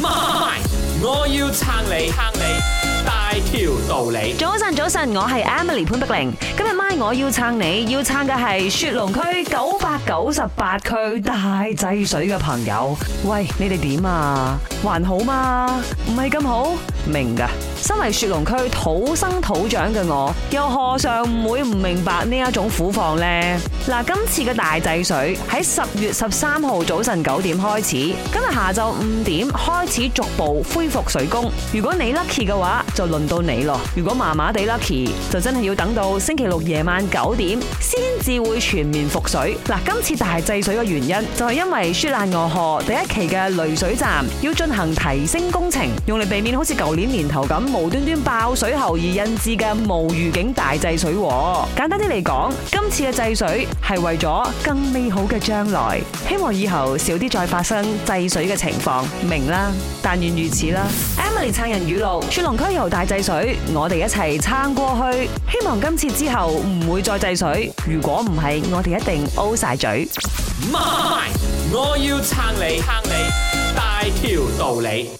My，我要撐你，撐你，大條道理。早晨，早晨，我係 Emily 潘碧玲。今日 my 我要撐你，要撐嘅係雪龍區九百九十八區大制水嘅朋友。喂，你哋點啊？還好嗎？唔係咁好，明㗎。身為雪隆區土生土長嘅我，又何嘗唔會唔明白呢一種苦況呢？嗱，今次嘅大制水喺十月十三號早晨九點開始，今日下晝五點開始逐步恢復水供。如果你 lucky 嘅話，就輪到你咯；如果麻麻地 lucky，就真係要等到星期六夜晚九點先至會全面復水。嗱，今次大制水嘅原因就係因為雪蘭莪河第一期嘅濾水站要進行提升工程，用嚟避免好似舊年年頭咁。無端端爆水喉而引致嘅無預警大制水，簡單啲嚟講，今次嘅制水係為咗更美好嘅將來，希望以後少啲再發生制水嘅情況，明啦，但願如此啦。Emily 撐人雨露，荃龍區又大制水，我哋一齊撐過去，希望今次之後唔會再制水，如果唔係，我哋一定 O 晒嘴。唔係我要撐你撐你，大條道理。